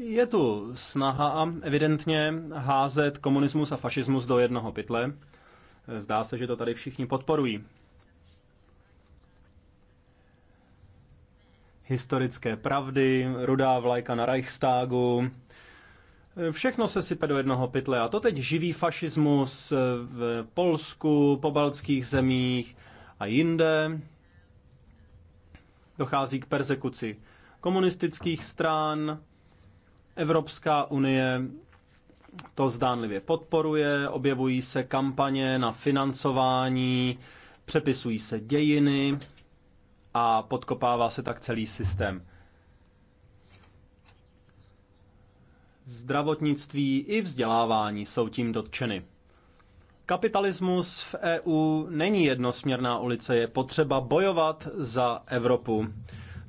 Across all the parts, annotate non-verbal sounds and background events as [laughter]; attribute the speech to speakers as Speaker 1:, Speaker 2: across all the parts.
Speaker 1: Je tu snaha evidentně házet komunismus a fašismus do jednoho pytle. Zdá se, že to tady všichni podporují. Historické pravdy, rudá vlajka na Reichstagu, Všechno se sype do jednoho pytle a to teď živý fašismus v Polsku, po baltských zemích a jinde. Dochází k persekuci komunistických stran, Evropská unie to zdánlivě podporuje, objevují se kampaně na financování, přepisují se dějiny a podkopává se tak celý systém. Zdravotnictví i vzdělávání jsou tím dotčeny. Kapitalismus v EU není jednosměrná ulice, je potřeba bojovat za Evropu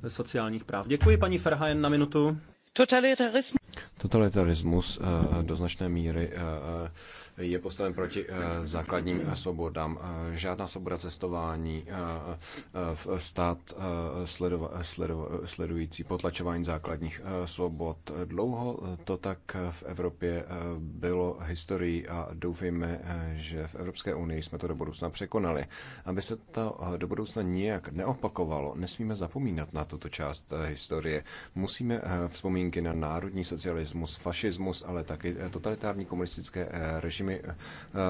Speaker 1: sociálních práv. Děkuji paní Ferhajen na minutu. Totalitarismus
Speaker 2: Totalitarismus eh, do značné míry eh, eh, je postaven proti základním svobodám. Žádná svoboda cestování, stát sledova, sledova, sledující potlačování základních svobod. Dlouho to tak v Evropě bylo historií a doufejme, že v Evropské unii jsme to do budoucna překonali. Aby se to do budoucna nijak neopakovalo, nesmíme zapomínat na tuto část historie. Musíme vzpomínky na národní socialismus komunismus, fašismus, ale taky eh, totalitární komunistické eh, režimy eh,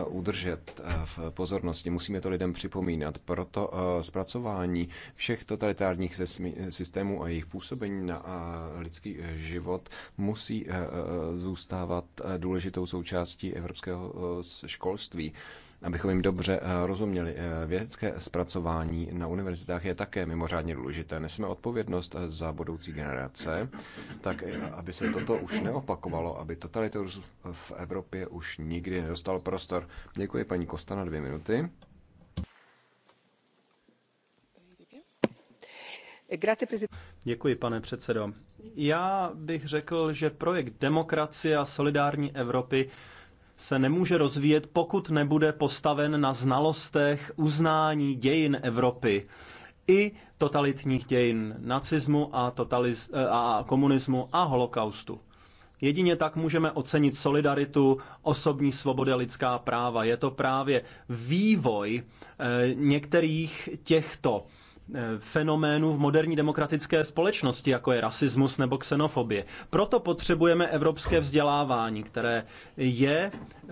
Speaker 2: udržet v pozornosti. Musíme to lidem připomínat. Proto zpracování všech totalitárních systémů a jejich působení na lidský život musí zůstávat důležitou součástí evropského školství abychom jim dobře eh, rozuměli. Eh, vědecké zpracování na univerzitách je také mimořádně důležité. Neseme odpovědnost eh, za budoucí generace, tak aby se toto už neopakovalo, aby totalitarismus v Evropě už nikdy nedostal prostor. Děkuji paní Kosta na dvě minuty.
Speaker 1: Děkuji, pane předsedo. Já bych řekl, že projekt demokracie a solidární Evropy se nemůže rozvíjet, pokud nebude postaven na znalostech uznání dějin Evropy i totalitních dějin nacismu a, totaliz- a komunismu a holokaustu. Jedině tak můžeme ocenit solidaritu, osobní svobody a lidská práva. Je to právě vývoj eh, některých těchto Eh, fenoménů v moderní demokratické společnosti, jako je rasismus nebo xenofobie. Proto potřebujeme evropské vzdělávání, které je eh,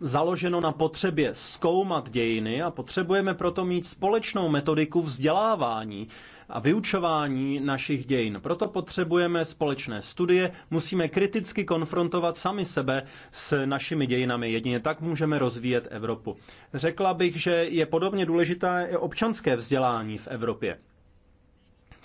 Speaker 1: založeno na potřebě zkoumat dějiny a potřebujeme proto mít společnou metodiku vzdělávání, a vyučování našich dějin. Proto potřebujeme společné studie, musíme kriticky konfrontovat sami sebe s našimi dějinami. Jedině tak můžeme rozvíjet Evropu. Řekla bych, že je podobně důležité občanské vzdělání v Evropě.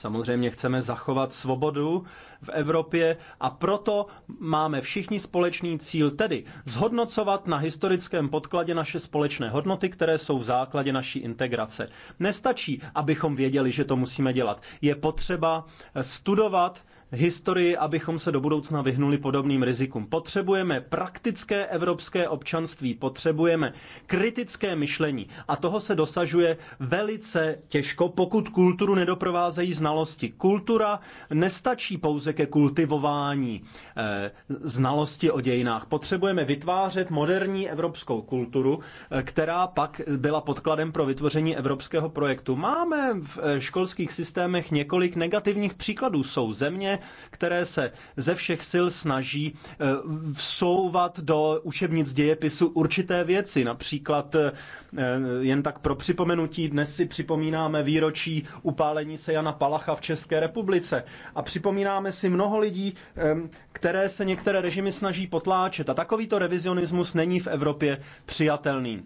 Speaker 1: Samozřejmě chceme zachovat svobodu v Evropě a proto máme všichni společný cíl, tedy zhodnocovat na historickém podkladě naše společné hodnoty, které jsou v základě naší integrace. Nestačí, abychom věděli, že to musíme dělat. Je potřeba studovat historii, abychom se do budoucna vyhnuli podobným rizikům. Potřebujeme praktické evropské občanství, potřebujeme kritické myšlení a toho se dosažuje velice těžko, pokud kulturu nedoprovázejí znalosti. Kultura nestačí pouze ke kultivování eh, znalosti o dějinách. Potřebujeme vytvářet moderní evropskou kulturu, eh, která pak byla podkladem pro vytvoření evropského projektu. Máme v eh, školských systémech několik negativních příkladů. Jsou země, které se ze všech sil snaží eh, vsouvat do učebnic dějepisu určité věci. Například eh, jen tak pro připomenutí, dnes si připomínáme výročí upálení se Jana Palacha v České republice a připomínáme si mnoho lidí, eh, které se některé režimy snaží potláčet. A takovýto revizionismus není v Evropě přijatelný.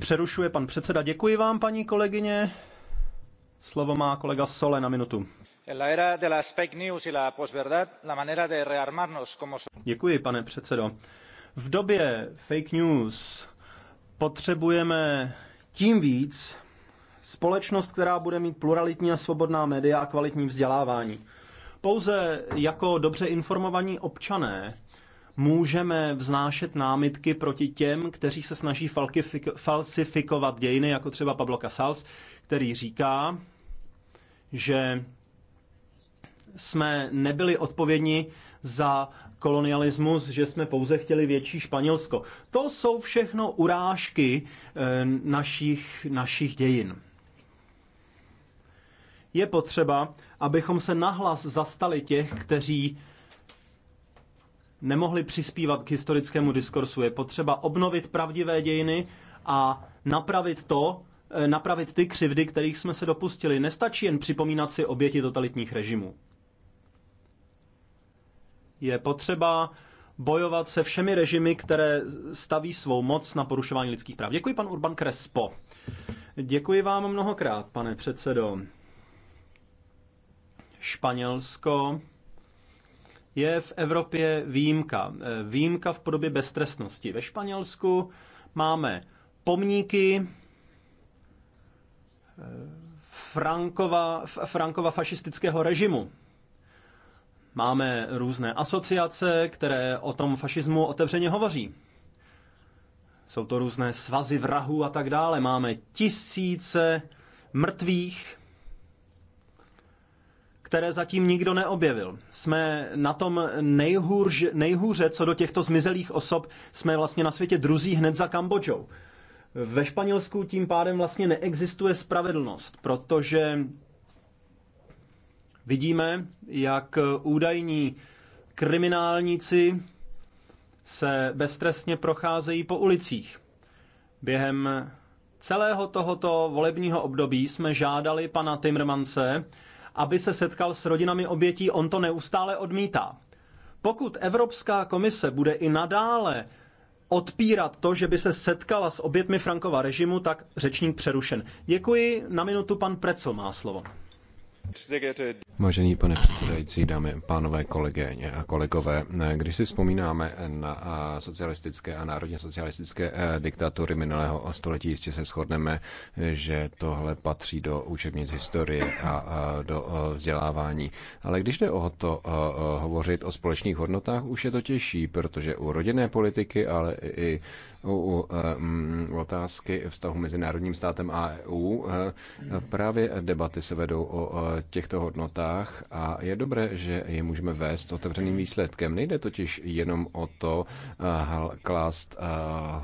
Speaker 1: Přerušuje pan předseda. Děkuji vám, paní kolegyně. Slovo má kolega Sole na minutu. Děkuji, pane předsedo. V době fake news potřebujeme tím víc společnost, která bude mít pluralitní a svobodná média a kvalitní vzdělávání. Pouze jako dobře informovaní občané můžeme vznášet námitky proti těm, kteří se snaží falsifikovat dějiny, jako třeba Pablo Casals, který říká, že jsme nebyli odpovědní za kolonialismus, že jsme pouze chtěli větší Španělsko. To jsou všechno urážky eh, našich, našich dějin. Je potřeba, abychom se nahlas zastali těch, kteří nemohli přispívat k historickému diskursu. Je potřeba obnovit pravdivé dějiny a napravit to, eh, napravit ty křivdy, kterých jsme se dopustili. Nestačí jen připomínat si oběti totalitních režimů. Je potřeba bojovat se všemi režimy, které staví svou moc na porušování lidských práv. Děkuji, pan Urban Krespo. Děkuji vám mnohokrát, pane předsedo. Španělsko je v Evropě výjimka. Výjimka v podobě beztrestnosti. Ve Španělsku máme pomníky eh, Frankova, Frankova fašistického režimu. Máme různé asociace, které o tom fašismu otevřeně hovoří. Jsou to různé svazy vrahů a tak dále. Máme tisíce mrtvých, které zatím nikdo neobjevil. Jsme na tom nejhůř, nejhůře, co do těchto zmizelých osob, jsme vlastně na světě druzí hned za Kambodžou. Ve Španělsku tím pádem vlastně neexistuje spravedlnost, protože Vidíme, jak údajní kriminálníci se beztrestně procházejí po ulicích. Během celého tohoto volebního období jsme žádali pana Timrmance, aby se setkal s rodinami obětí, on to neustále odmítá. Pokud Evropská komise bude i nadále odpírat to, že by se setkala s obětmi Frankova režimu, tak řečník přerušen. Děkuji. Na minutu pan Precl má slovo.
Speaker 2: Vážený pane předsedající, dámy pánové, kolegyně a kolegové, když si vzpomínáme na socialistické a národně socialistické e, diktatury minulého století, jistě se shodneme, že tohle patří do učebnic historie a do e, vzdělávání. Ale když jde o to e, hovořit o společných hodnotách, už je to těžší, protože u rodinné politiky, ale i mm, u otázky vztahu mezi národním státem a EU právě debaty se vedou o těchto hodnotách cestách a je dobré, že je můžeme vést otevřeným výsledkem. Nejde totiž jenom o to eh, klást eh,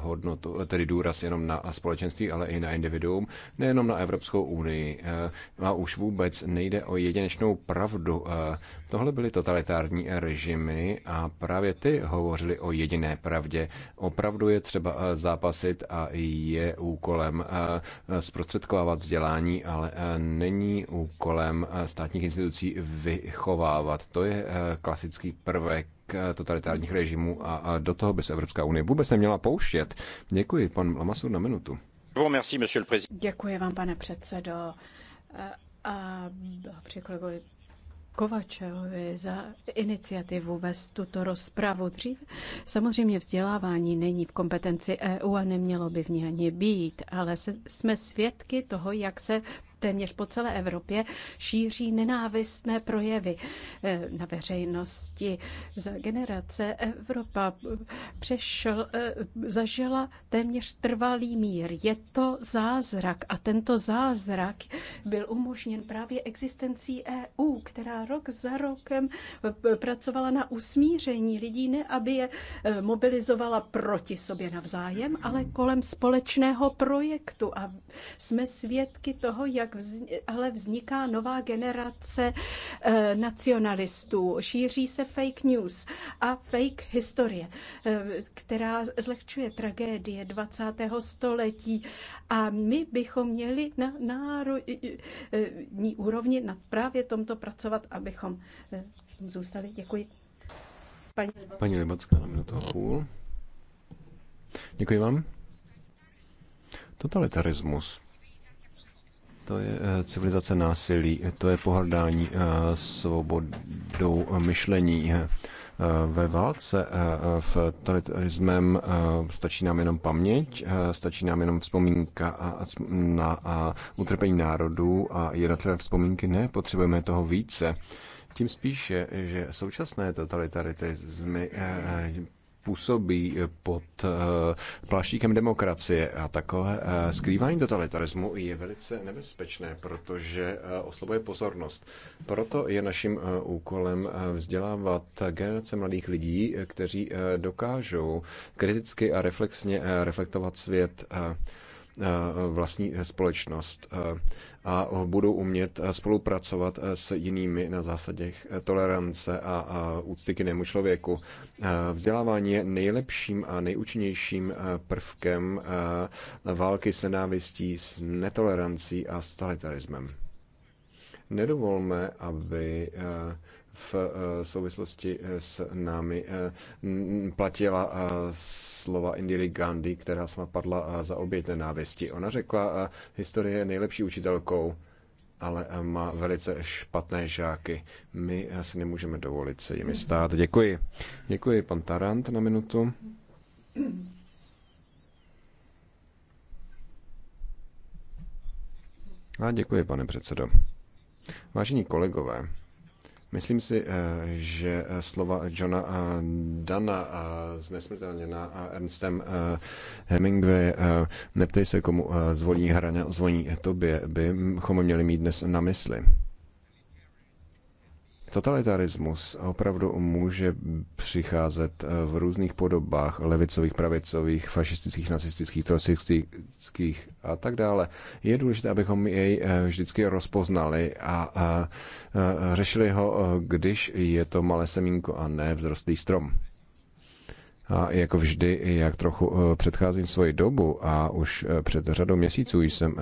Speaker 2: hodnotu, tedy důraz jenom na společenství, ale i na individuum, nejenom na Evropskou unii. Eh, a už vůbec nejde o jedinečnou pravdu. Tohle byly totalitární režimy a právě ty hovořili o jediné pravdě. Opravdu je třeba zápasit a je úkolem zprostředkovávat vzdělání, ale není úkolem státních institucí institucí vychovávat. To je eh, klasický prvek eh, totalitárních režimů a do toho by se Evropská unie vůbec neměla pouštět. Děkuji, pan Lamasur, na minutu.
Speaker 3: Děkuji vám, pane předsedo. Eh, a při kolegovi Kovačelovi za iniciativu vést tuto rozpravu dřív. Samozřejmě vzdělávání není v kompetenci EU a nemělo by v ní ani být, ale se, jsme svědky toho, jak se téměř po celé Evropě šíří nenávistné projevy eh, na veřejnosti. Za generace Evropa eh, přešel, eh, zažila téměř trvalý mír. Je to zázrak a tento zázrak byl umožněn právě existencí EU, která rok za rokem pracovala na usmíření lidí, ne aby je mobilizovala proti sobě navzájem, ale kolem společného projektu. A jsme svědky toho, jak tak vz, ale vzniká nová generace e, nacionalistů. Šíří se fake news a fake historie, e, která zlehčuje tragédie 20. století. A my bychom měli na národní eh, úrovni na právě tomto pracovat, abychom e, zůstali. Děkuji. Paní, Paní
Speaker 2: Libacká, na minutu a půl. Děkuji vám. Totalitarismus to je eh, civilizace násilí, to je pohrdání eh, svobodou myšlení. Eh, ve válce v totalitarismem stačí nám jenom paměť, stačí nám jenom vzpomínka na utrpení národů a jednotlivé vzpomínky ne, potřebujeme toho více. Tím spíše, že současné totalitarismy působí eh, pod eh, pláštíkem demokracie a takové eh, skrývání totalitarismu je velice nebezpečné, protože oslabuje pozornost. Proto je naším úkolem vzdělávat generace mladých lidí, kteří dokážou kriticky a reflexně reflektovat svět Eh, vlastní společnost eh, a budou umět eh, spolupracovat s jinými na zásadě tolerance a úcty k jinému člověku. Vzdělávání je nejlepším a nejúčinnějším prvkem války se návistí s netolerancí a s totalitarismem nedovolme, aby v eh, souvislosti eh, s námi eh, platila slova Indiry Gandhi, která sama padla za oběť nenávisti. Ona řekla, historie je nejlepší učitelkou, ale má velice špatné žáky. My asi nemůžeme dovolit se jimi stát. Děkuji. Děkuji, pan Tarant, na minutu. A děkuji, pane předsedo. Vážení kolegové, Myslím si, eh, že eh, slova Johna eh, Dana z nesmrtelněna Ernstem Hemingway neptej se, komu zvoní hra, zvoní tobě, bychom měli mít dnes na mysli. Totalitarismus opravdu může přicházet eh, v různých podobách levicových, pravicových, fašistických, nacistických, trosistických a tak dále. Je důležité, abychom jej eh, vždycky rozpoznali a, a, eh, a řešili ho, když je to malé semínko a ne vzrostlý strom. A jako vždy, jak trochu předcházím svoji dobu a už před řadou měsíců jsem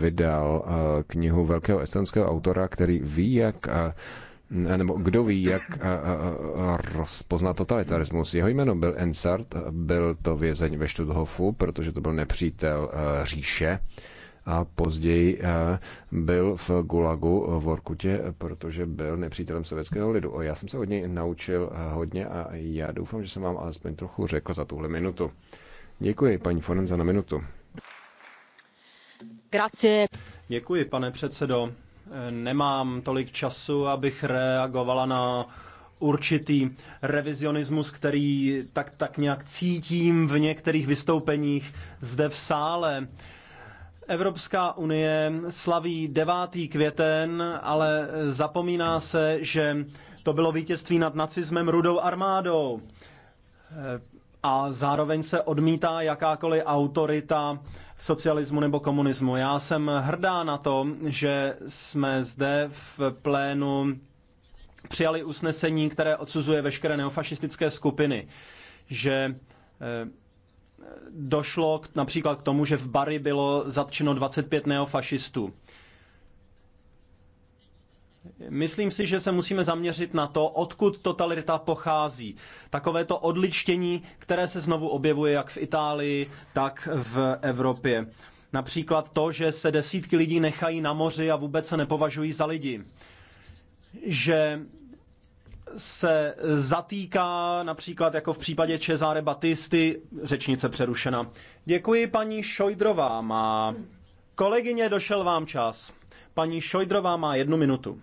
Speaker 2: vydal knihu velkého estonského autora, který ví, jak nebo kdo ví, jak rozpozná totalitarismus. Jeho jméno byl Ensart, byl to vězeň ve Stutthofu, protože to byl nepřítel e, říše a později e, byl v Gulagu e, v Orkutě, protože byl nepřítelem sovětského lidu. Já jsem se od něj naučil hodně a já doufám, že jsem vám alespoň trochu řekl za tuhle minutu. Děkuji, paní Forenza, na minutu.
Speaker 1: Grazie. Děkuji, pane předsedo nemám tolik času, abych reagovala na určitý revizionismus, který tak, tak nějak cítím v některých vystoupeních zde v sále. Evropská unie slaví 9. květen, ale zapomíná se, že to bylo vítězství nad nacismem rudou armádou a zároveň se odmítá jakákoliv autorita socialismu nebo komunismu. Já jsem hrdá na to, že jsme zde v plénu přijali usnesení, které odsuzuje veškeré neofašistické skupiny, že eh, došlo například k tomu, že v Bari bylo zatčeno 25 neofašistů. Myslím si, že se musíme zaměřit na to, odkud totalita pochází. Takové to odličtění, které se znovu objevuje jak v Itálii, tak v Evropě. Například to, že se desítky lidí nechají na moři a vůbec se nepovažují za lidi. Že se zatýká, například jako v případě Čezáre Batisty, řečnice přerušena. Děkuji paní Šojdrová, má kolegyně, došel vám čas. Paní Šojdrová má jednu minutu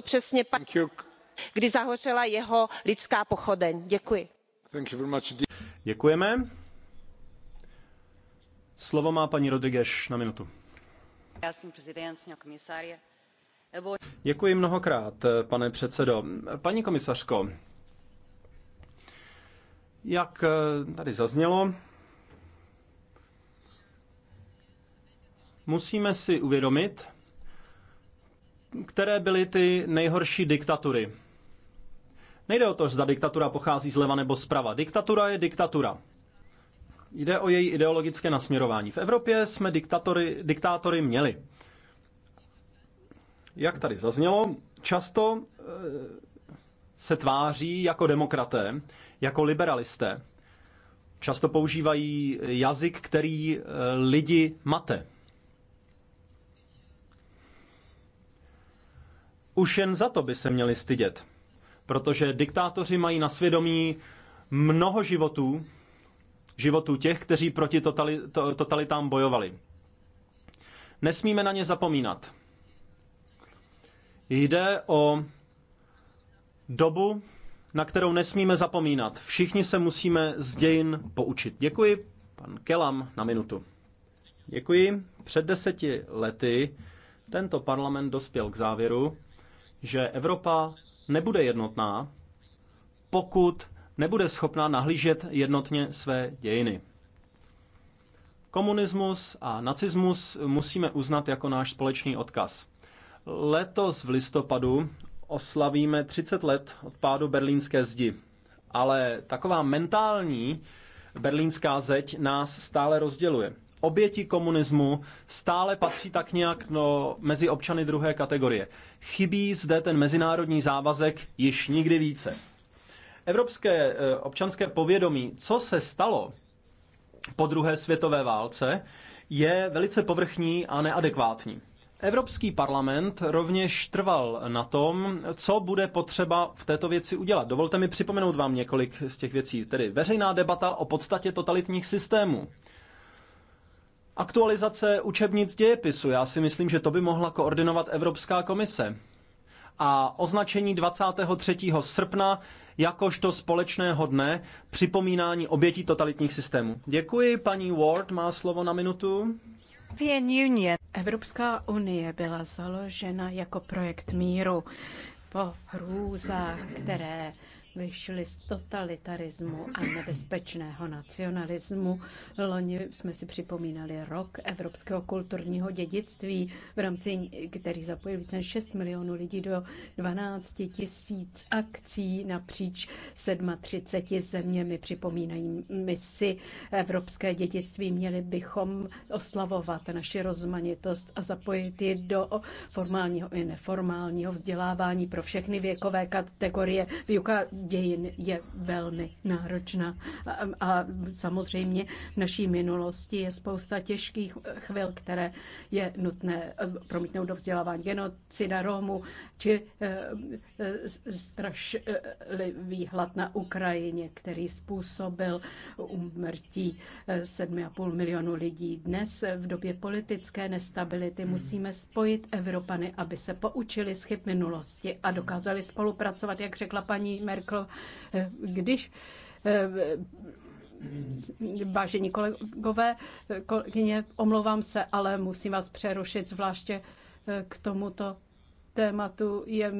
Speaker 4: to přesně pak kdy zahořela jeho lidská pochodeň. děkuji.
Speaker 1: Děkujeme. Slovo má paní Rodriguez na minutu. Děkuji mnohokrát, pane předsedo. Paní komisařko, jak tady zaznělo, musíme si uvědomit, které byly ty nejhorší diktatury. Nejde o to, zda diktatura pochází zleva nebo zprava. Diktatura je diktatura. Jde o její ideologické nasměrování. V Evropě jsme diktatory, diktátory měli. Jak tady zaznělo, často eh, se tváří jako demokraté, jako liberalisté. Často používají jazyk, který eh, lidi mate. Už jen za to by se měli stydět, protože diktátoři mají na svědomí mnoho životů, životů těch, kteří proti totalitám bojovali. Nesmíme na ně zapomínat. Jde o dobu, na kterou nesmíme zapomínat. Všichni se musíme z dějin poučit. Děkuji, pan Kelam, na minutu. Děkuji. Před deseti lety tento parlament dospěl k závěru, že Evropa nebude jednotná, pokud nebude schopná nahlížet jednotně své dějiny. Komunismus a nacismus musíme uznat jako náš společný odkaz. Letos v listopadu oslavíme 30 let od pádu berlínské zdi, ale taková mentální berlínská zeď nás stále rozděluje oběti komunismu stále patří tak nějak no, mezi občany druhé kategorie. Chybí zde ten mezinárodní závazek již nikdy více. Evropské eh, občanské povědomí, co se stalo po druhé světové válce, je velice povrchní a neadekvátní. Evropský parlament rovněž trval na tom, co bude potřeba v této věci udělat. Dovolte mi připomenout vám několik z těch věcí, tedy veřejná debata o podstatě totalitních systémů, Aktualizace učebnic dějepisu, já si myslím, že to by mohla koordinovat Evropská komise. A označení 23. srpna jakožto společného dne připomínání obětí totalitních systémů. Děkuji, paní Ward má slovo na minutu.
Speaker 3: Evropská unie byla založena jako projekt míru po hrůzách, které vyšli z totalitarismu a nebezpečného nacionalismu. Loni jsme si připomínali rok evropského kulturního dědictví, v rámci který zapojil více než 6 milionů lidí do 12 tisíc akcí napříč 37 zeměmi. Připomínají my si evropské dědictví. Měli bychom oslavovat naši rozmanitost a zapojit ji do formálního i neformálního vzdělávání pro všechny věkové kategorie. Výuka dějin je velmi náročná. A, a samozřejmě v naší minulosti je spousta těžkých chvil, které je nutné promítnout do vzdělávání. Genocida Romů či eh, eh, strašlivý hlad na Ukrajině, který způsobil umrtí 7,5 eh, milionu lidí. Dnes v době politické nestability hmm. musíme spojit Evropany, aby se poučili z chyb minulosti a dokázali spolupracovat, jak řekla paní Merkel řekl, když eh, Vážení kolegové, kolegyně, omlouvám se, ale musím vás přerušit, zvláště eh, k tomuto tématu. Je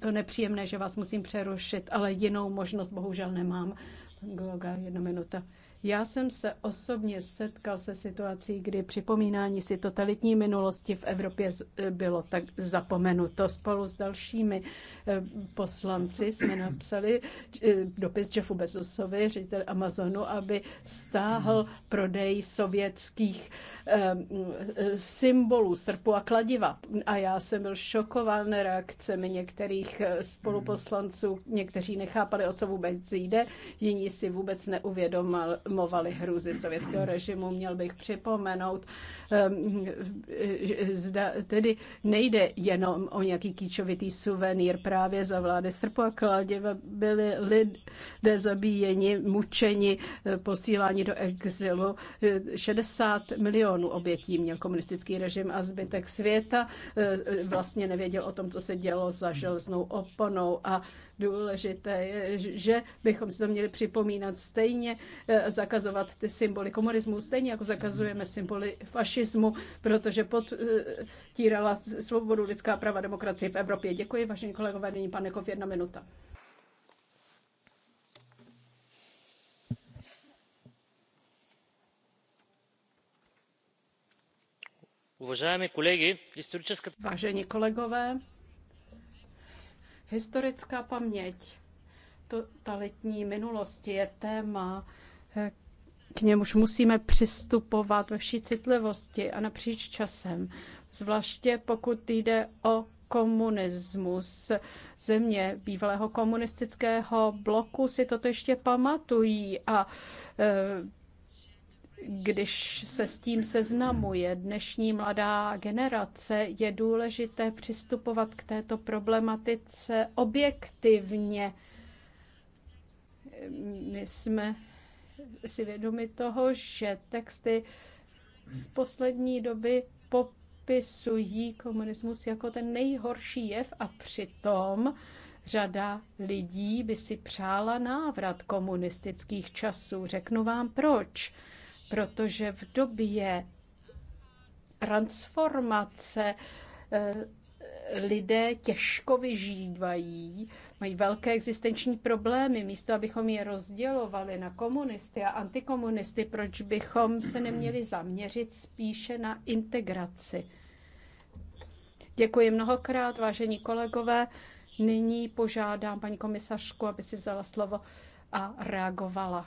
Speaker 3: to nepříjemné, že vás musím přerušit, ale jinou možnost bohužel nemám. Gloga, jedna minuta. Já jsem se osobně setkal se situací, kdy připomínání si totalitní minulosti v Evropě bylo tak zapomenuto. Spolu s dalšími eh, poslanci jsme napsali eh, dopis Jeffu Bezosovi, ředitel Amazonu, aby stáhl prodej sovětských eh, symbolů, srpu a kladiva. A já jsem byl šokován reakcemi některých spoluposlanců. Někteří nechápali, o co vůbec jde, jiní si vůbec neuvědomili, uvědomovali hrůzy sovětského režimu. Měl bych připomenout, ehm, e, e, zda, tedy nejde jenom o nějaký kýčovitý suvenýr. Právě za vlády Srpu a Kladěva byli lidé zabíjeni, mučeni, e, posíláni do exilu. 60 milionů obětí měl komunistický režim a zbytek světa vlastně nevěděl o tom, co se dělo za železnou oponou a Důležité že bychom si to měli připomínat stejně, eh, zakazovat ty symboly komunismu stejně, jako zakazujeme symboly fašismu, protože podtírala svobodu lidská práva demokracie v Evropě. Děkuji, vážení kolegové, nyní pane Kov, jedna minuta. Vážení kolegové, Historická paměť totalitní minulosti je téma, eh, k němuž musíme přistupovat ve vší citlivosti a napříč časem, zvláště pokud jde o komunismus. Země bývalého komunistického bloku si toto ještě pamatují a eh, když se s tím seznamuje dnešní mladá generace, je důležité přistupovat k této problematice objektivně. My jsme si vědomi toho, že texty z poslední doby popisují komunismus jako ten nejhorší jev a přitom řada lidí by si přála návrat komunistických časů. Řeknu vám proč protože v době transformace eh, lidé těžko vyžívají, mají velké existenční problémy. Místo, abychom je rozdělovali na komunisty a antikomunisty, proč bychom se neměli zaměřit spíše na integraci? Děkuji mnohokrát, vážení kolegové. Nyní požádám paní komisařku, aby si vzala slovo a reagovala.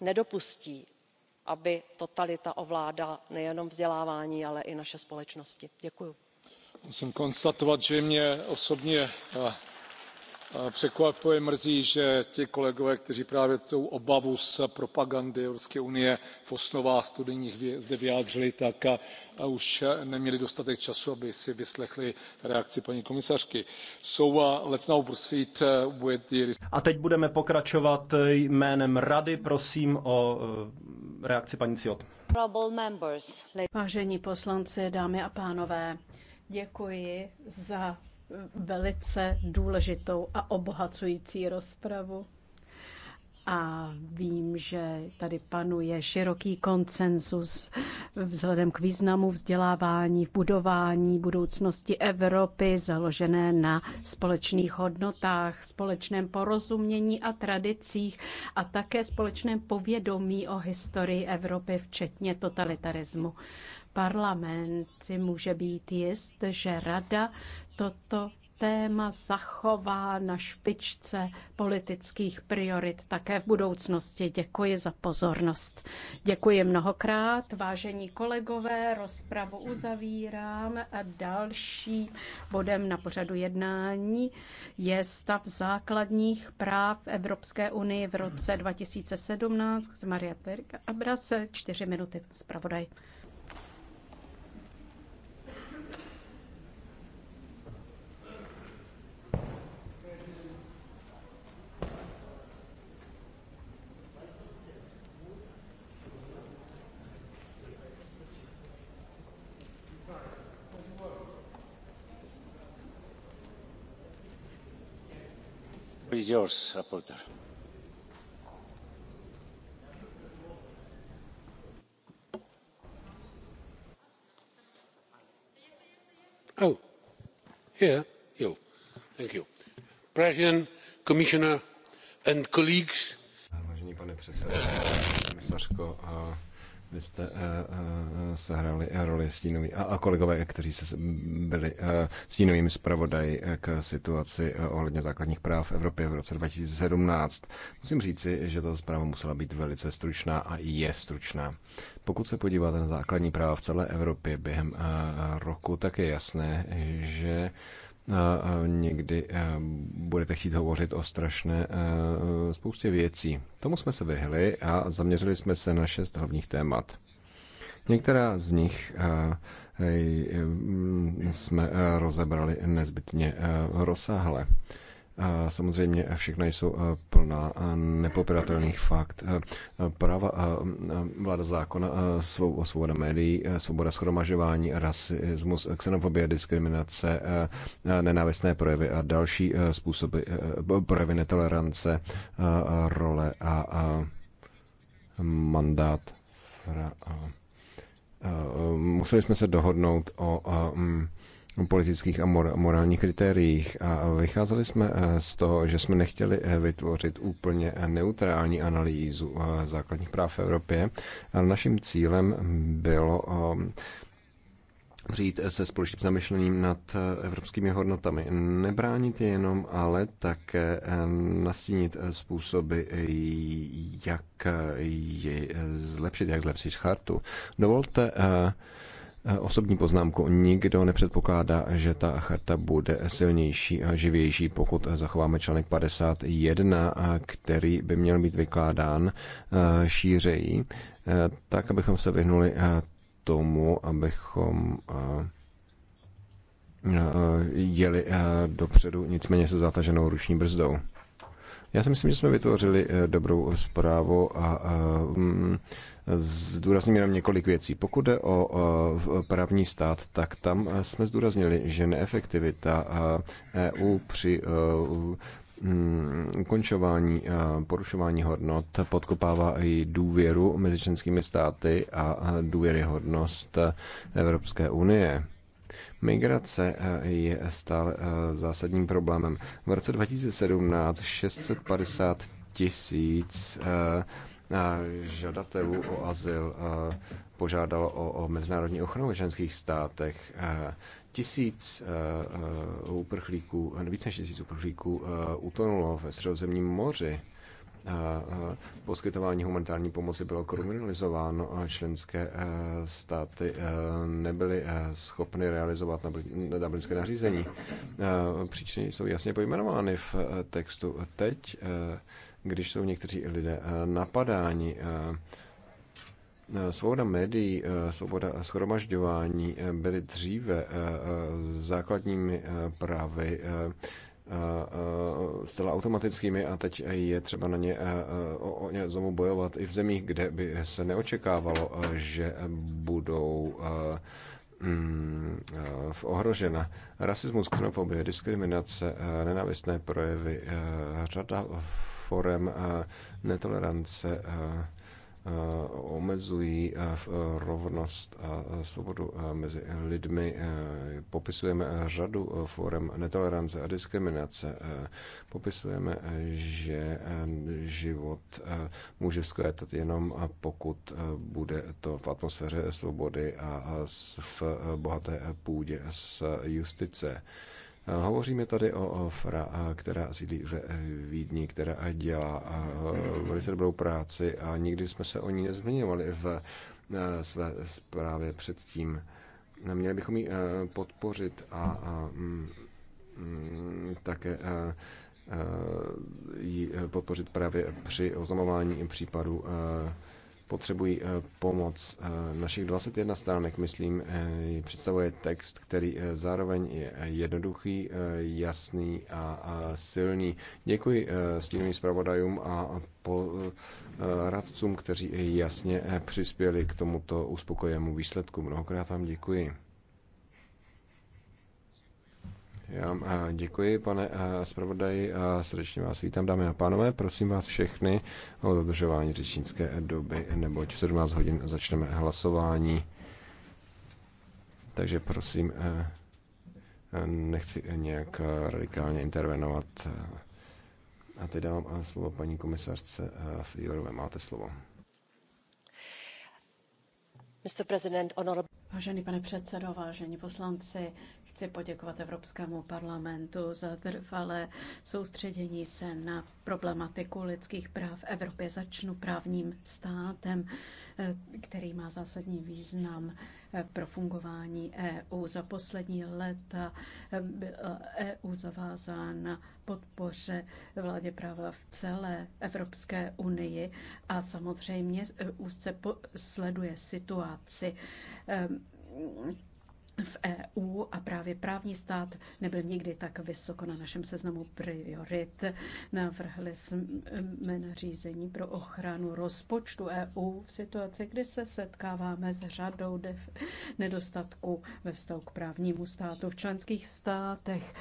Speaker 5: nedopustí aby totalita ovládala nejenom vzdělávání ale i naše společnosti. děkuju.
Speaker 2: musím konstatovat že mě osobně překvapuje mrzí že ti kolegové kteří právě tu obavu z propagandy evropské unie v osnovách studijních zde vyjádřili tak už neměli dostatek času aby si vyslechli reakci paní komisařky. Eh,
Speaker 1: a teď budeme pokračovat eh, jménem rady prosím o eh, reakci paní ciot.
Speaker 3: vážení poslanci dámy a pánové děkuji za velice důležitou a obohacující rozpravu a vím, že tady panuje široký konsenzus vzhledem k významu vzdělávání v budování budoucnosti Evropy založené na společných hodnotách, společném porozumění a tradicích a také společném povědomí o historii Evropy, včetně totalitarismu parlament si může být jist, že rada toto téma zachová na špičce politických priorit také v budoucnosti. Děkuji za pozornost. Děkuji mnohokrát. Vážení kolegové, rozpravu uzavírám. A další bodem na pořadu jednání je stav základních práv Evropské unii v roce 2017. Maria Abras, čtyři minuty, zpravodaj.
Speaker 6: is yours rapporteur. Oh. Yeah. You. Thank you. president commissioner and colleagues vážený
Speaker 2: vy jste uh, eh, uh, eh, sehrali roli stínový, a, a kolegové, kteří se byli uh, stínovými zpravodaji k situaci uh, ohledně základních práv v Evropě v roce 2017. Musím říci, že ta zpráva musela být velice stručná a je stručná. Pokud se podíváte na základní práva v celé Evropě během uh, roku, tak je jasné, že uh, někdy budete chtít hovořit o strašné spoustě věcí. Tomu jsme se vyhli a zaměřili jsme se na šest hlavních témat. Některá z nich jsme rozebrali nezbytně rozsáhle. Samozřejmě všechno jsou eh, plná eh, nepopiratelných fakt. Eh, práva vláda zákona, svoboda médií, svoboda schromažování, rasismus, xenofobie, diskriminace, nenávistné projevy a další způsoby projevy netolerance, role a mandát. Museli jsme se dohodnout o mm, politických a mor- morálních kritériích a vycházeli jsme eh, z toho, že jsme nechtěli eh, vytvořit úplně eh, neutrální analýzu základních práv v Evropě, ale naším cílem bylo ehm, přijít se společným zamyšlením nad evropskými hodnotami. Nebránit je jenom, ale také nastínit způsoby, jak je zlepšit, jak zlepšit chartu. Dovolte osobní poznámku. Nikdo nepředpokládá, že ta charta bude silnější a živější, pokud zachováme článek 51, který by měl být vykládán šířejí, tak abychom se vyhnuli tomu, abychom jeli dopředu, nicméně se zataženou ruční brzdou. Já si myslím, že jsme vytvořili eh, dobrou zprávu a, a eh, mm, zdůrazním jenom několik věcí. Pokud jde o eh, právní stát, tak tam jsme zdůraznili, že neefektivita EU e při mm, ukončování porušování hodnot podkopává i důvěru mezi členskými státy a důvěryhodnost Evropské unie. Migrace eh, je stále eh, zásadním problémem. V roce 2017 650 tisíc eh, žadatelů o azyl požádalo o, o mezinárodní ochranu ve členských státech. Tisíc uprchlíků, více než tisíc uprchlíků utonulo ve středozemním moři. Eh, poskytování humanitární pomoci bylo kriminalizováno a členské eh, státy eh, nebyly schopny realizovat dublinské nařízení. Příčiny jsou jasně pojmenovány v textu. Teď, když jsou někteří lidé napadáni, Svoboda médií, svoboda schromažďování byly dříve základními právy Eh, eh, zcela automatickými a teď je třeba na ně, eh, o ně znovu bojovat i v zemích, kde by se neočekávalo, že budou mm, v ohrožena. Rasismus, xenofobie, diskriminace, nenávistné projevy, řada forem netolerance, Eh, omezují eh, eh, rovnost a svobodu mezi lidmi. Popisujeme řadu forem netolerance a diskriminace. Popisujeme, že život může vzkvétat jenom pokud bude to v atmosféře svobody a v bohaté půdě s justice. Hovoříme tady o Fra, která sídlí ve eh, Vídni, která dělá velice dobrou práci a nikdy jsme se o ní nezmiňovali v eh, své zprávě předtím. Měli bychom ji eh, podpořit a mm, mm, také ji podpořit právě při oznamování případů potřebují eh, pomoc. Eh, našich 21 stránek, myslím, eh, představuje text, který zároveň je jednoduchý, jasný a silný. Děkuji stínovým zpravodajům a radcům, kteří jasně přispěli k tomuto uspokojenému výsledku. Mnohokrát vám děkuji. Já eh, děkuji, pane eh, zpravodaji, a eh, srdečně vás vítám, dámy a pánové. Prosím vás všechny o dodržování řečnické doby, neboť v 17 hodin začneme hlasování. Takže prosím, nechci nějak radikálně intervenovat. A teď dám slovo paní komisařce Fiorové. Máte slovo.
Speaker 3: Mr. President, honorable... Vážený pane předsedo, vážení poslanci, chci poděkovat Evropskému parlamentu za trvalé soustředění se na problematiku lidských práv v Evropě. Začnu právním státem, eh, který má zásadní význam pro fungování EU. Za poslední léta byla EU zavázána podpoře vládě práva v celé Evropské unii a samozřejmě úzce sleduje situaci v EU a právě právní stát nebyl nikdy tak vysoko na našem seznamu priorit. Navrhli jsme nařízení pro ochranu rozpočtu EU v situaci, kdy se setkáváme s řadou nedostatků ve vztahu k právnímu státu v členských státech.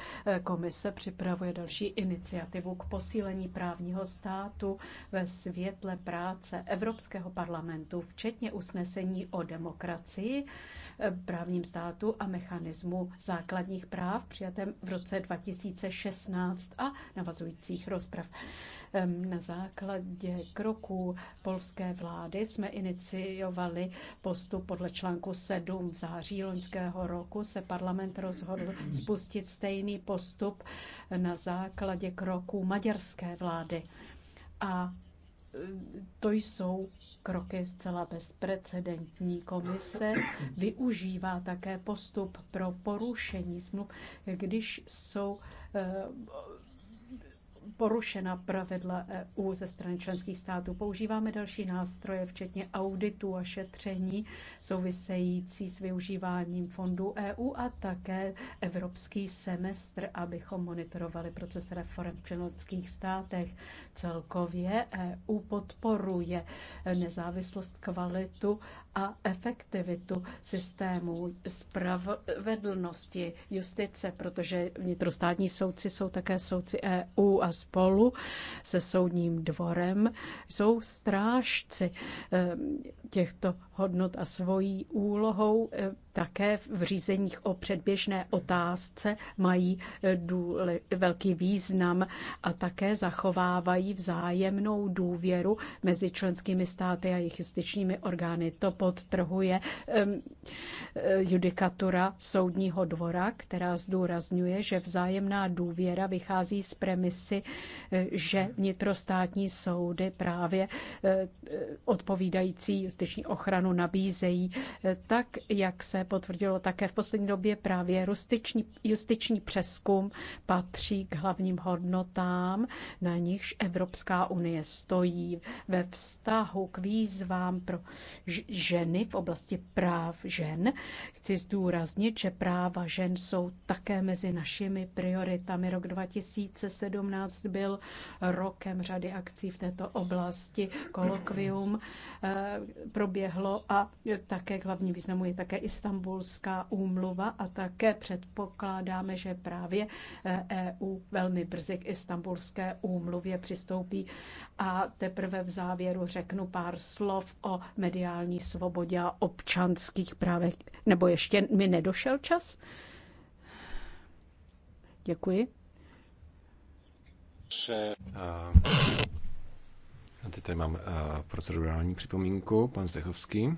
Speaker 3: Komise připravuje další iniciativu k posílení právního státu ve světle práce Evropského parlamentu, včetně usnesení o demokracii, právním státu a mechanismu základních práv přijatém v roce 2016 a navazujících rozprav. Na základě kroků polské vlády jsme iniciovali postup podle článku 7 v září loňského roku. Se parlament rozhodl spustit stejný postup na základě kroků maďarské vlády. A to jsou kroky zcela bezprecedentní. Komise využívá také postup pro porušení smluv, když jsou eh, porušena pravidla EU ze strany členských států. Používáme další nástroje, včetně auditu a šetření související s využíváním fondů EU a také evropský semestr, abychom monitorovali proces reform v členských státech. Celkově EU podporuje nezávislost, kvalitu a efektivitu systému spravedlnosti justice, protože vnitrostátní soudci jsou také soudci EU a spolu se soudním dvorem jsou strážci eh, těchto hodnot a svojí úlohou eh, také v řízeních o předběžné otázce mají eh, důle, velký význam a také zachovávají vzájemnou důvěru mezi členskými státy a jejich justičními orgány. To podtrhuje um, judikatura Soudního dvora, která zdůrazňuje, že vzájemná důvěra vychází z premisy, eh, že vnitrostátní soudy právě odpovídající justiční ochranu nabízejí tak, jak se potvrdilo také v poslední době právě rustiční justiční přeskum patří k hlavním hodnotám, na nichž Evropská unie stojí ve vztahu k výzvám pro ženy v oblasti práv žen. Chci zdůraznit, že práva žen jsou také mezi našimi prioritami. Rok 2017 byl rokem řady akcí v této oblasti. Kolokvium eh, proběhlo a také k hlavní významu je také Istanbul Istanbulská úmluva a také předpokládáme, že právě EU eh, e velmi brzy k Istanbulské úmluvě přistoupí a teprve v závěru řeknu pár slov o mediální svobodě a občanských právech. Nebo ještě mi nedošel čas? Děkuji.
Speaker 2: A teď tady mám eh, procedurální připomínku, pan Zdechovský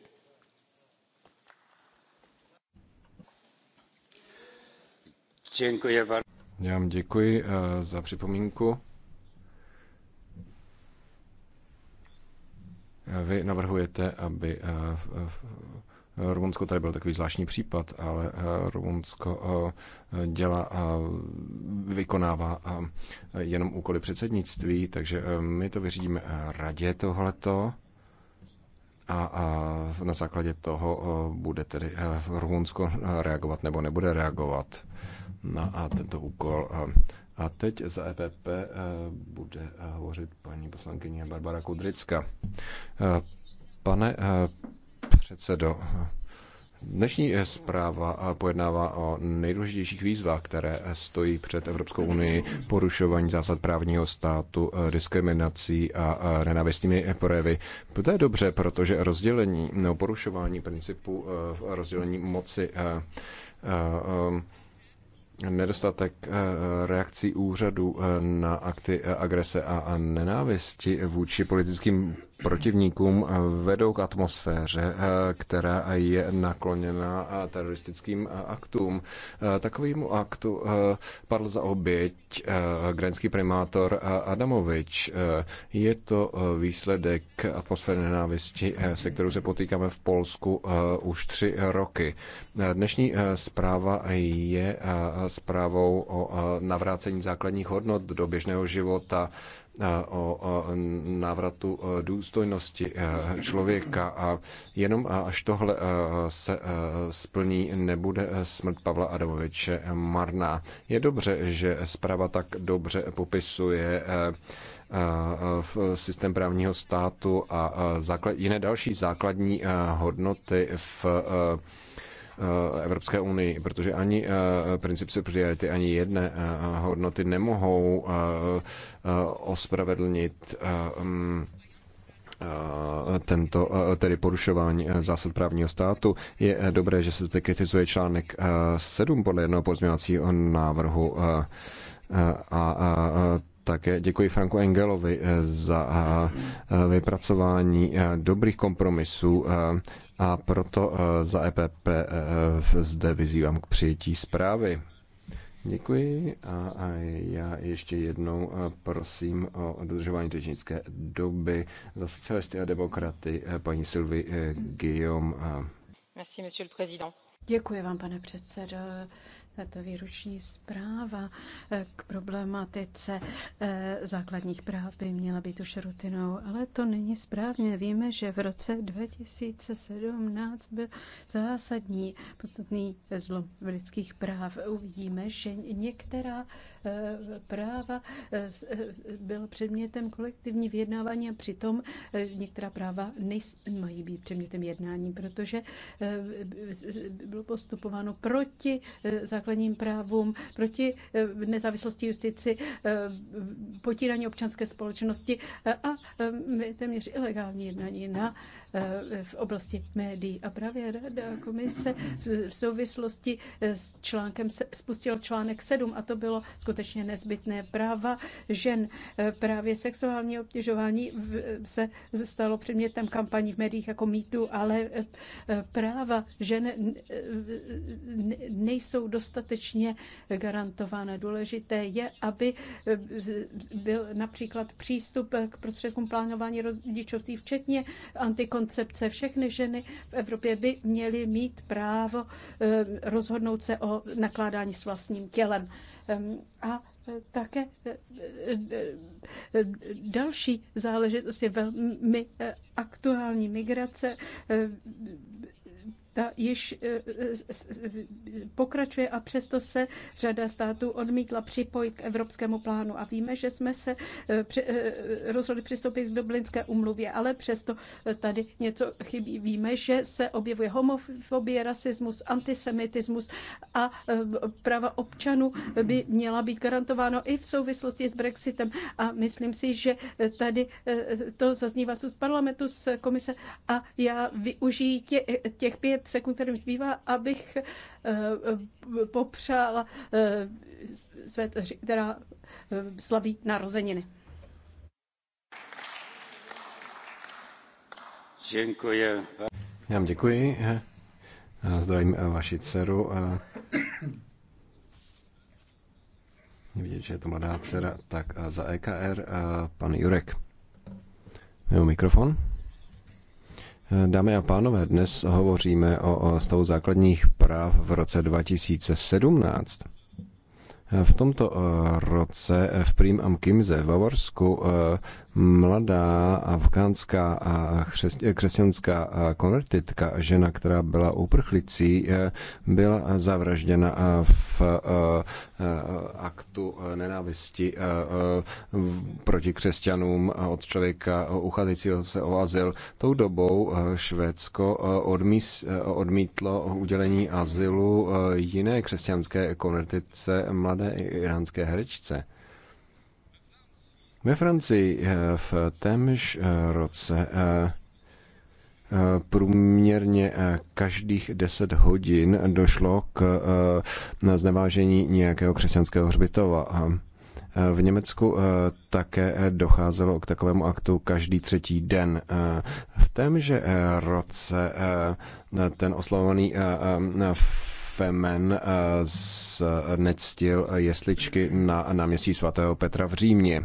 Speaker 6: Děkuji.
Speaker 2: Já vám děkuji eh, za připomínku. Eh, vy navrhujete, aby eh, Rumunsko tady byl takový zvláštní případ, ale Rumunsko dělá a vykonává jenom úkoly předsednictví, takže my to vyřídíme radě tohleto a, a na základě toho e, bude tedy e, Rumunsko reagovat nebo nebude reagovat na tento úkol. E, a teď za EPP bude hovořit paní poslankyně Barbara Kudrická. Pane předsedo, Dnešní zpráva pojednává o nejdůležitějších výzvách, které stojí před Evropskou unii, porušování zásad právního státu, diskriminací a nenávistnými projevy. To je dobře, protože rozdělení nebo porušování principu eh, rozdělení moci eh, eh, nedostatek eh, reakcí úřadu eh, na akty eh, agrese a nenávisti vůči politickým protivníkům vedou k atmosféře, která je nakloněna teroristickým aktům. Takovýmu aktu padl za oběť grenský primátor Adamovič. Je to výsledek atmosféry nenávisti, se kterou se potýkáme v Polsku už tři roky. Dnešní zpráva je zprávou o navrácení základních hodnot do běžného života, o návratu e, důstojnosti e, člověka a jenom až tohle e, se splní, nebude smrt Pavla Adamoviče marná. Je dobře, že zpráva tak dobře popisuje v systém právního státu a jiné další základní hodnoty v Eh, Evropské unii, protože ani eh, princip subsidiarity, ani jedné eh, hodnoty nemohou ospravedlnit mm, tento, tedy porušování zásad právního státu. Je dobré, že se zde kritizuje článek 7 podle jednoho pozměňovacího návrhu a, a, a také děkuji Franku Engelovi za vypracování dobrých kompromisů a proto eh, za EPP eh, zde vyzývám k přijetí zprávy. Děkuji a, já ještě jednou eh, prosím o dodržování řečnické doby za socialisty a demokraty paní Silvi Guillaume. Merci,
Speaker 3: Děkuji vám, pane předsedo. Tato výroční zpráva eh, k problematice eh, základních práv by měla být už rutinou, ale to není správně. Víme, že v roce 2017 byl zásadní podstatný zlom lidských práv. Uvidíme, že některá práva eh, eh, byla předmětem kolektivní vyjednávání a přitom eh, některá práva mají být předmětem jednání, protože bylo postupováno proti základním právům, proti nezávislosti justici, potírání občanské společnosti a téměř ilegální jednání na Eh, v oblasti médií. A právě Rada komise v souvislosti eh, s článkem spustil článek 7 a to bylo skutečně nezbytné práva žen. Eh, právě sexuální obtěžování se stalo předmětem kampaní v médiích jako mýtu, ale práva žen nejsou dostatečně garantována. Důležité je, aby byl například přístup k prostředkům plánování rodičovství, včetně antikoncepce koncepce. Všechny ženy v Evropě by měly mít právo eh, rozhodnout se o nakládání s vlastním tělem. Ehm, a eh, také eh, další záležitost je velmi aktuální migrace ta již eh, eh, pokračuje a přesto se řada států odmítla připojit k evropskému plánu. A víme, že jsme se eh, rozhodli přistoupit k Dublinské umluvě, ale přesto tady něco chybí. Víme, že se objevuje homofobie, rasismus, antisemitismus a práva občanů by měla být garantováno i v souvislosti s Brexitem. A myslím si, že tady to zaznívá z parlamentu, z komise a já využiji tě, těch pět pět sekund, které mi zbývá, abych eh, eh, popřála eh, své tři, která slaví narozeniny.
Speaker 6: Děkuji. Já vám děkuji.
Speaker 2: Zdravím vaši dceru. Vidět, že je to mladá dcera, tak za EKR pan Jurek. Jeho mikrofon. Dámy a pánové, dnes hovoříme o stavu základních práv v roce 2017. V tomto eh, roce eh, v Prým am Kimze v Bavorsku eh, mladá afgánská křesťanská konvertitka, žena, která byla uprchlicí, byla zavražděna v aktu nenávisti proti křesťanům od člověka ucházejícího se o azyl. Tou dobou Švédsko odmítlo udělení azylu jiné křesťanské konvertice mladé mladé iránské herečce. Ve Francii eh, v témž eh, roce eh, průměrně každých 10 hodin došlo k znevážení nějakého křesťanského hřbitova. V Německu také docházelo k takovému aktu každý třetí den. V témže roce ten oslavovaný Femen eh, eh, nectil eh, jesličky na náměstí svatého Petra v Římě.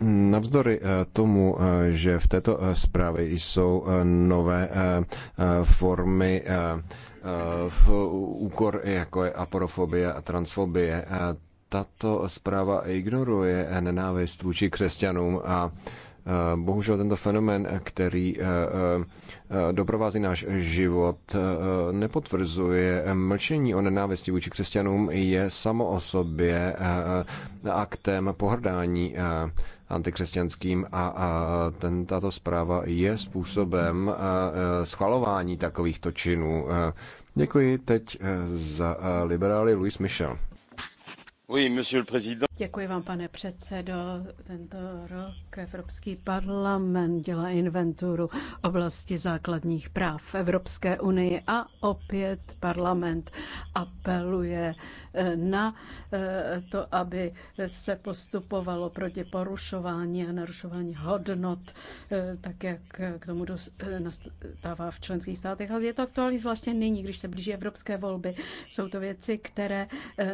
Speaker 2: Navzdory tomu, že v této zprávě jsou nové formy v úkor, jako je aporofobie a transfobie, tato zpráva ignoruje nenávist vůči křesťanům a Eh, bohužel tento fenomen, eh, který eh, doprovází náš život, nepotvrzuje mlčení o nenávisti vůči křesťanům, je samo o sobě aktem pohrdání antikřesťanským a, ten, tato zpráva je způsobem schvalování takovýchto činů. Děkuji teď za liberály Louis Michel. Oui,
Speaker 6: monsieur le président.
Speaker 3: Děkuji vám, pane předsedo. Tento rok Evropský parlament dělá inventuru oblasti základních práv v Evropské unii a opět parlament apeluje eh, na eh, to, aby se postupovalo proti porušování a narušování hodnot, eh, tak jak k tomu nastává v členských státech. A je to aktuální zvláště nyní, když se blíží evropské volby. Jsou to věci, které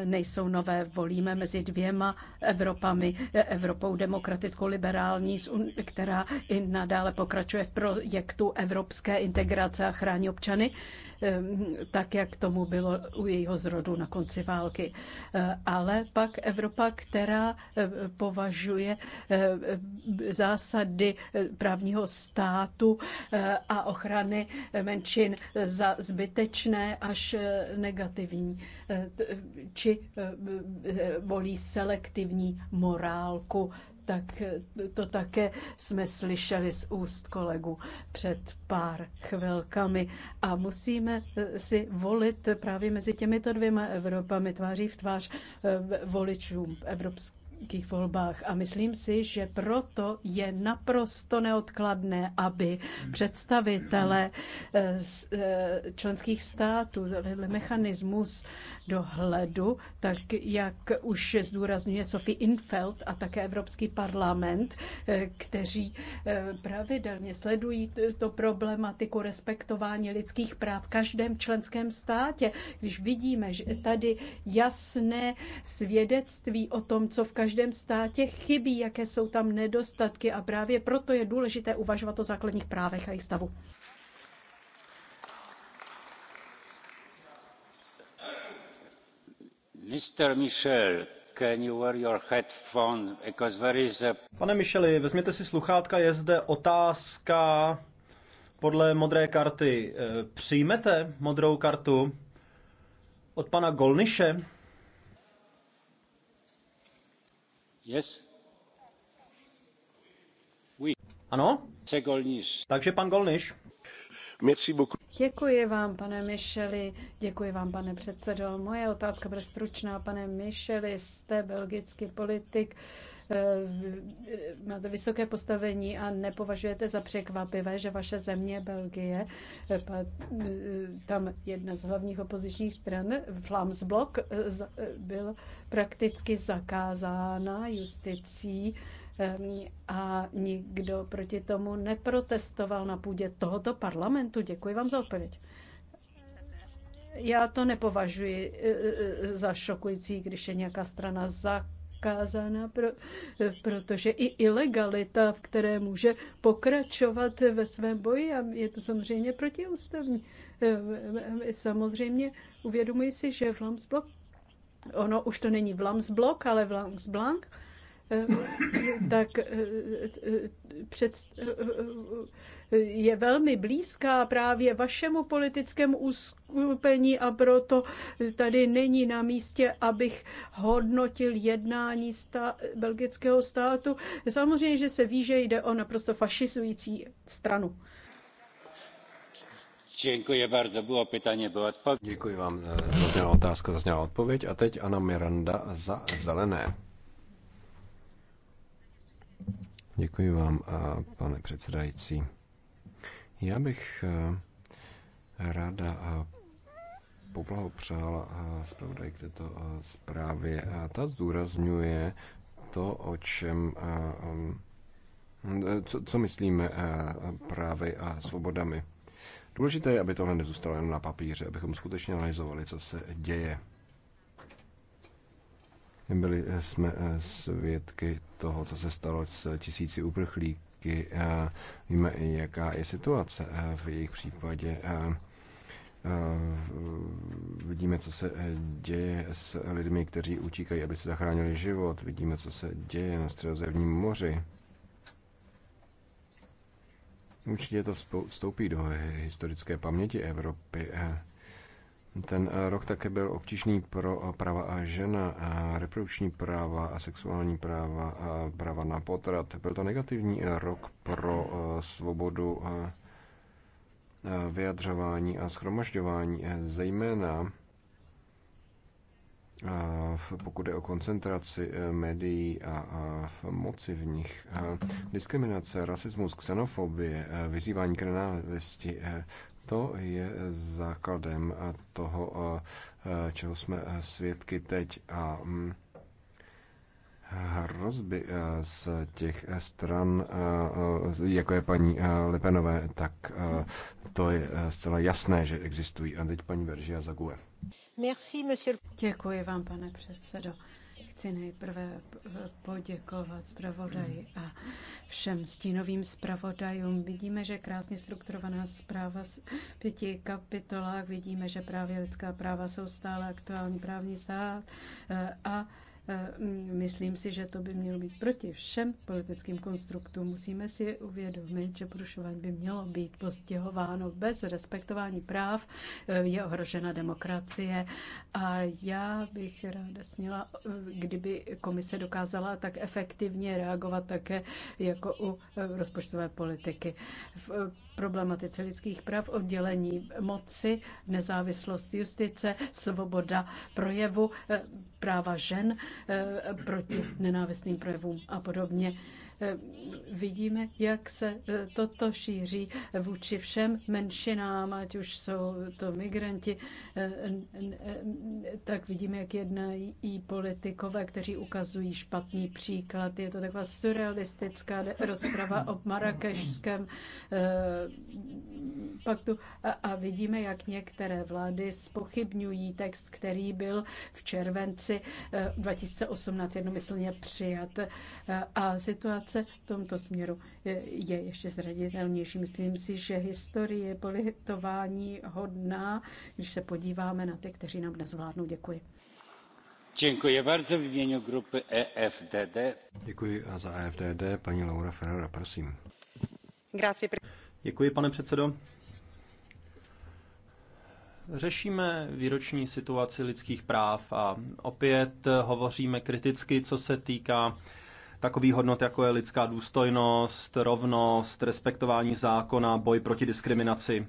Speaker 3: nejsou nové. Volíme mezi dvěma dvěma Evropami, Evropou demokratickou, liberální, která i nadále pokračuje v projektu evropské integrace a chrání občany tak jak tomu bylo u jejího zrodu na konci války. Ale pak Evropa, která považuje zásady právního státu a ochrany menšin za zbytečné až negativní, či volí selektivní morálku tak to také jsme slyšeli z úst kolegu před pár chvilkami. A musíme si volit právě mezi těmito dvěma Evropami tváří v tvář eh, voličům Evropské evropských volbách. A myslím si, že proto je naprosto neodkladné, aby představitele eh, eh, členských států zavedli mechanismus dohledu, tak jak už zdůrazňuje Sophie Infeld a také Evropský parlament, eh, kteří pravidelně sledují to problematiku respektování lidských práv v každém členském státě. Když vidíme, že tady jasné svědectví o tom, co v každém každém státě chybí, jaké jsou tam nedostatky a právě proto je důležité uvažovat o základních právech a jejich stavu.
Speaker 6: Mr. Michel, can you wear your headphone? Because there is a...
Speaker 1: Pane Micheli, vezměte si sluchátka, je zde otázka podle modré karty. E, přijmete modrou kartu od pana Golniše?
Speaker 6: Ano? Takže pan Golniš.
Speaker 3: Děkuji vám, pane Micheli, děkuji vám, pane předsedo. Moje otázka bude stručná. Pane Micheli, jste belgický politik, eh, máte vysoké postavení a nepovažujete za překvapivé, že vaše země Belgie, eh, eh, tam jedna z hlavních opozičních stran, Flamsblok, byl prakticky zakázána justicí ehm, a nikdo proti tomu neprotestoval na půdě tohoto parlamentu. Děkuji vám za odpověď. Já to nepovažuji e, e, e, za šokující, když je nějaká strana zakázána, pro, protože i ilegalita, v které může pokračovat ve svém boji, a je to samozřejmě protiústavní. Samozřejmě uvědomuji si, že v Lamsblok ono už to není Vlamsblok, ale Vlamsblank, eh, tak eh, eh, před, je velmi blízká právě vašemu politickému uskupení a proto tady není na místě, abych hodnotil jednání stá- belgického státu. Samozřejmě, že se ví, že jde o naprosto fašizující stranu.
Speaker 6: Děkuji vám. Eh,
Speaker 2: zazněla otázka, zazněla odpověď. A teď Anna Miranda za zelené. Děkuji vám, eh, pane předsedající. Já bych eh, ráda poblahopřála zpravodaj k této zprávě. Ta zdůrazňuje to, o čem mm, co, co myslíme právy a svobodami. Důležité je, aby tohle nezůstalo jen na papíře, abychom skutečně analyzovali, co se děje. Byli eh, jsme eh, svědky toho, co se stalo s tisíci uprchlíky. Eh, víme, jaká je situace v jejich případě. Vidíme, co se děje s lidmi, kteří utíkají, aby se zachránili život. Vidíme, co se děje na středozemním moři. Určitě to vstoupí do historické paměti Evropy. Eh, ten eh, rok také byl obtížný pro eh, práva a žena, a reprodukční práva a sexuální práva a práva na potrat. Byl to negativní rok pro svobodu vyjadřování a schromažďování, zejména pokud je o koncentraci eh, médií a moci v nich, eh, diskriminace, rasismus, xenofobie, eh, vyzývání k nenávisti, to je základem toho, čeho jsme svědky teď. A mm, hrozby eh, z těch eh, stran, eh, jako je paní Lepenové, tak to je zcela jasné, že existují. A teď paní Veržia Zague.
Speaker 3: Merci, monsieur. Děkuji vám, pane předsedo. Chci nejprve poděkovat zpravodaji a všem stínovým zpravodajům. Vidíme, že krásně strukturovaná zpráva v pěti kapitolách. Vidíme, že právě lidská práva jsou stále aktuální právní stát a Eh, myslím si, že to by mělo být proti všem politickým konstruktům. Musíme si uvědomit, že porušování by mělo být postihováno bez respektování práv. Eh, je ohrožena demokracie a já bych ráda sněla, eh, kdyby komise dokázala tak efektivně reagovat také jako u rozpočtové politiky problematice lidských práv, oddělení moci, nezávislost justice, svoboda projevu, eh, práva žen eh, proti nenávistným projevům a podobně. Eh, vidíme, jak se eh, toto šíří vůči všem menšinám, ať už jsou to migranti, eh, tak vidíme, jak jednají politikové, kteří ukazují špatný příklad. Je to taková surrealistická rozprava o marakešském paktu a vidíme, jak některé vlády spochybňují text, který byl v červenci 2018 jednomyslně přijat. A situace reakce v tomto směru je ještě zraditelnější. Myslím si, že historie je politování hodná, když se podíváme na ty, kteří nám dnes vládnou. Děkuji.
Speaker 6: Děkuji bardzo v jménu grupy EFDD. Děkuji
Speaker 2: a za EFDD paní Laura Ferrara, prosím.
Speaker 6: Děkuji,
Speaker 1: pane předsedo. Řešíme výroční situaci lidských práv a opět hovoříme kriticky, co se týká takových hodnot, jako je lidská důstojnost, rovnost, respektování zákona, boj proti diskriminaci,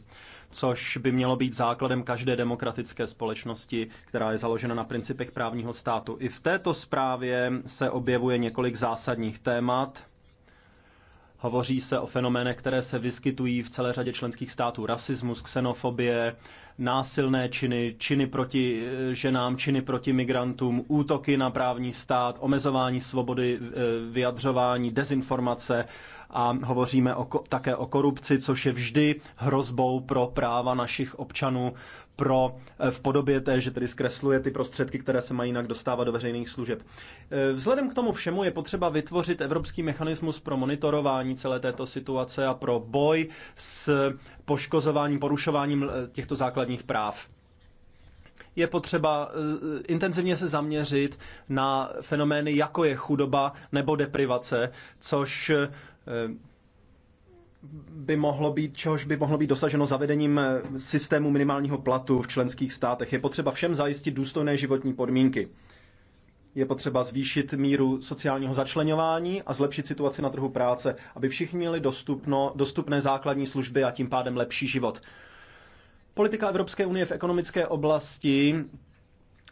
Speaker 1: což by mělo být základem každé demokratické společnosti, která je založena na principech právního státu. I v této zprávě se objevuje několik zásadních témat, Hovoří se o fenoménech, které se vyskytují v celé řadě členských států. Rasismus, xenofobie, násilné činy, činy proti eh, ženám, činy proti migrantům, útoky na právní stát, omezování svobody eh, vyjadřování, dezinformace a hovoříme o, také o korupci, což je vždy hrozbou pro práva našich občanů pro eh, v podobě té, že tedy zkresluje ty prostředky, které se mají jinak dostávat do veřejných služeb. Eh, vzhledem k tomu všemu je potřeba vytvořit evropský mechanismus pro monitorování celé této situace a pro boj s poškozováním, porušováním eh, těchto základních práv je potřeba intenzivně se zaměřit na fenomény, jako je chudoba nebo deprivace, což by mohlo být, čehož by mohlo být dosaženo zavedením systému minimálního platu v členských státech. Je potřeba všem zajistit důstojné životní podmínky. Je potřeba zvýšit míru sociálního začlenování a zlepšit situaci na trhu práce, aby všichni měli dostupno, dostupné základní služby a tím pádem lepší život. Politika Evropské unie v ekonomické oblasti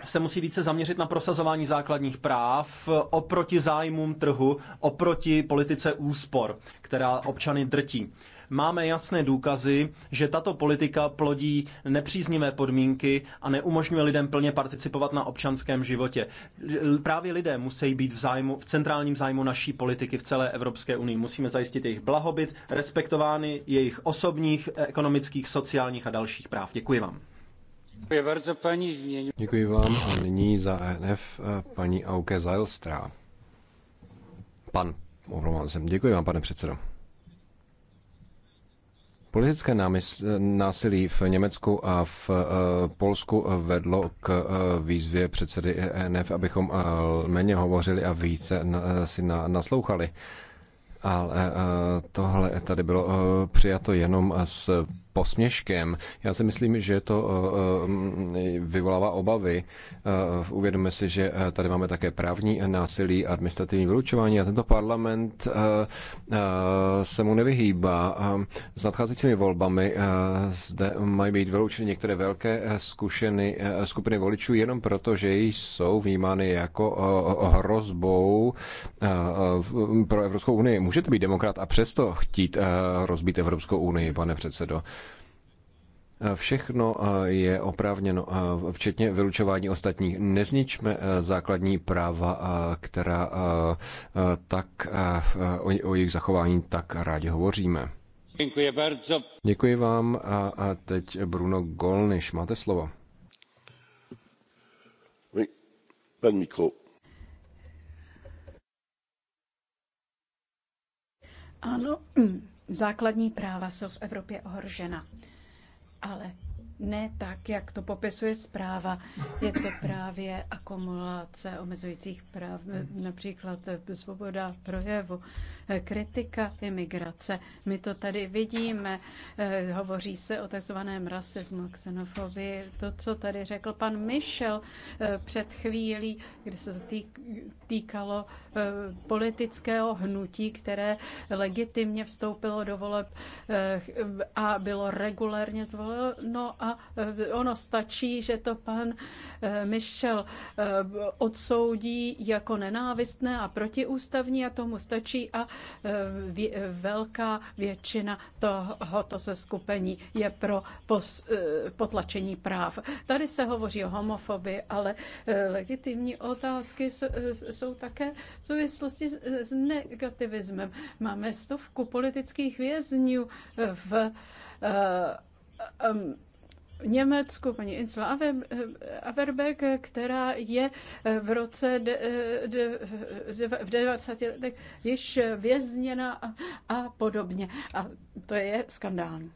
Speaker 1: se musí více zaměřit na prosazování základních práv oproti zájmům trhu, oproti politice úspor, která občany drtí. Máme jasné důkazy, že tato politika plodí nepříznivé podmínky a neumožňuje lidem plně participovat na občanském životě. Právě lidé musí být v, zájmu, v centrálním zájmu naší politiky v celé Evropské unii. Musíme zajistit jejich blahobyt, respektovány jejich osobních, ekonomických, sociálních a dalších práv. Děkuji vám.
Speaker 2: Děkuji vám a nyní za ENF eh, paní Auke Zajlstra. Pan, omlouvám se. Děkuji vám, pane předsedo. Politické násilí v Německu a v eh, Polsku vedlo k eh, výzvě předsedy ENF, abychom méně hovořili a více si naslouchali. Ale tohle tady bylo přijato jenom s posměškem. Já si myslím, že to eh, eh, vyvolává obavy. Eh, uvědomme si, že tady máme také právní násilí, administrativní vylučování a tento parlament se mu nevyhýbá. S nadcházejícími volbami zde mají být vyloučeny některé velké zkušeny, skupiny voličů jenom proto, že jsou vnímány jako hrozbou pro Evropskou unii. Můžete být demokrat a přesto chtít rozbít Evropskou unii, pane předsedo. Všechno eh, je oprávněno, eh, včetně vylučování ostatních. Nezničme eh, základní práva, která tak o jejich zachování tak rádi hovoříme.
Speaker 6: Děkuji bardzo.
Speaker 2: Děkuji vám a teď Bruno Golniš, máte slovo.
Speaker 3: Ano, [clears throat] základní práva jsou v Evropě ohrožena ale ne tak, jak to popisuje zpráva. Je to právě akumulace omezujících práv, například svoboda projevu, kritika imigrace. My to tady vidíme, eh, hovoří se o takzvaném rasismu, xenofobii. To, co tady řekl pan Michel eh, před chvílí, kdy se to týkalo eh, politického hnutí, které legitimně vstoupilo do voleb a bylo regulérně zvoleno a Eh, ono stačí, že to pan eh, Michel eh, odsoudí jako nenávistné a protiústavní a tomu stačí a velká většina tohoto seskupení je pro potlačení práv. Tady se hovoří o homofobii, ale legitimní otázky jsou také v souvislosti s negativismem. Máme stovku politických vězňů v Německu, paní Insula Averbeck, která je v roce de, de, de, v 90 letech již vězněna a, a podobně. A to je skandální.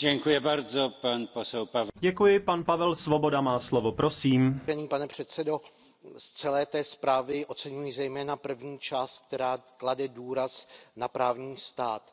Speaker 6: Děkuji bardzo, pan posel Pavel. Děkuji,
Speaker 1: pan Pavel Svoboda má slovo, prosím.
Speaker 7: Pane předsedo, z celé té zprávy oceňuji zejména první část která klade důraz na právní stát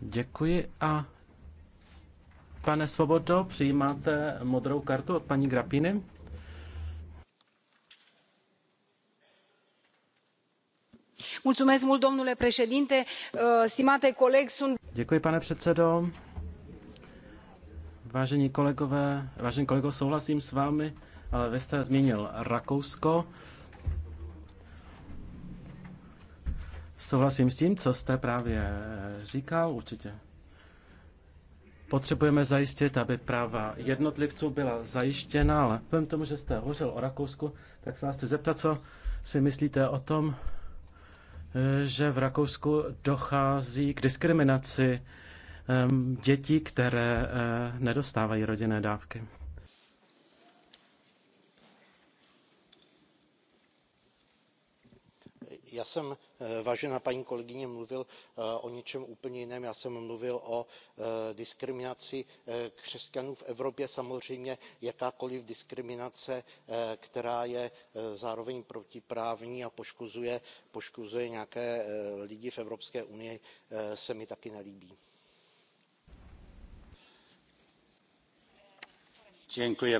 Speaker 8: Děkuji a pane Svobodo, přijímáte modrou kartu od paní Grapiny?
Speaker 4: domnule președinte uh, stimate coleg sunt.
Speaker 8: děkuji pane předsedo vážení kolegové vážení kolego souhlasím s vámi ale vy jste zmínil rakousko. Souhlasím s tím, co jste právě říkal, určitě. Potřebujeme zajistit, aby práva jednotlivců byla zajištěna, ale vzhledem tomu, že jste hovořil o Rakousku, tak se vás chci zeptat, co si myslíte o tom, že v Rakousku dochází k diskriminaci dětí, které eh, nedostávají rodinné dávky.
Speaker 7: já jsem eh, vážená paní kolegyně mluvil eh, o něčem úplně jiném já jsem mluvil o eh, diskriminaci křesťanů v evropě samozřejmě jakákoliv diskriminace která je zároveň protiprávní a poškozuje nějaké lidi v evropské unii se mi taky nelíbí.
Speaker 6: děkuji.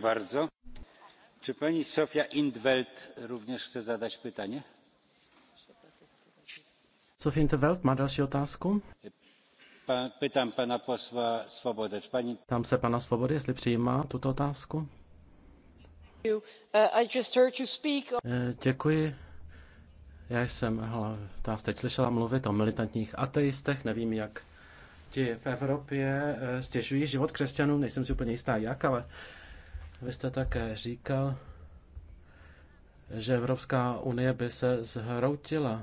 Speaker 8: Sofie Intervelt má další otázku.
Speaker 6: Pýtám pana posla Svobody.
Speaker 8: Tam se pana Svobody, jestli přijímá tuto otázku. Eh, děkuji. Já jsem vás teď slyšela mluvit o militantních ateistech, nevím, jak ti v Evropě eh, stěžují život křesťanům, nejsem si úplně jistá jak, ale vy jste také eh, říkal, že Evropská unie by se zhroutila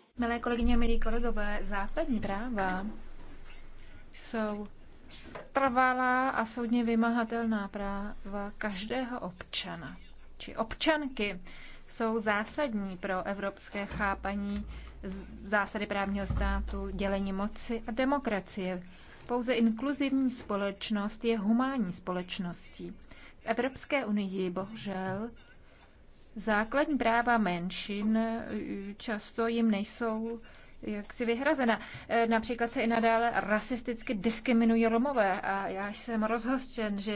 Speaker 4: Milé kolegyně, milí kolegové, základní práva jsou trvalá a soudně vymahatelná práva každého občana či občanky jsou zásadní pro evropské chápaní zásady právního státu, dělení moci a demokracie. Pouze inkluzivní společnost je humánní společností. V Evropské unii bohužel základní práva menšin eh, často jim nejsou jak si vyhrazena. Eh, například se i nadále rasisticky diskriminují Romové a já jsem rozhořčen, že